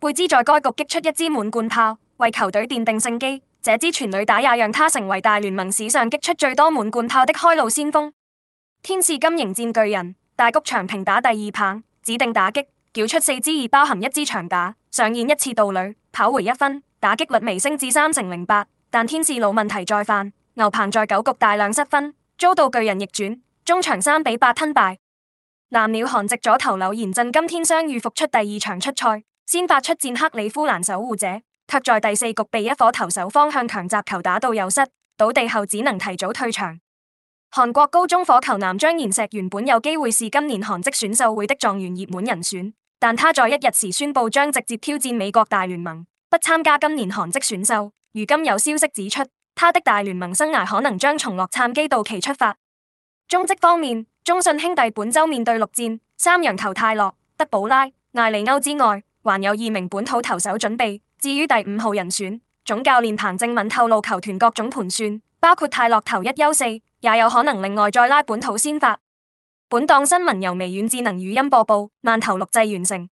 貝茲在該局擊出一支滿貫炮，為球隊奠定勝機。這支全壘打也讓他成為大聯盟史上擊出最多滿貫炮的開路先鋒。天使今迎戰巨人，大谷翔平打第二棒，指定打擊，繳出四支二，包含一支長打，上演一次盜壘，跑回一分，打擊率微升至三成零八。但天使老問題再犯，牛棚在九局大量失分，遭到巨人逆轉，中場三比八吞敗。藍鳥韓籍左投柳賢振今天相遇復出第二場出賽。先發出戰克里夫蘭守護者，卻在第四局被一顆投手方向強襲球打到右膝，倒地後只能提早退場。韓國高中火球男張賢碩原本有機會是今年韓職選秀會的狀元熱門人選，但他在一日時宣布將直接挑戰美國大聯盟，不參加今年韓職選秀。如今有消息指出，他的大聯盟生涯可能將從洛杉磯道奇出發。中職方面，中信兄弟本週面對六戰，三洋投泰洛、德保拉、艾利歐之外。還有二名本土投手準備。至於第五號人選，總教練彭正敏透露球團各種盤算，包括泰洛投一休四，也有可能另外再拉本土先發。本檔新聞由微軟智能語音播報，慢投錄製完成。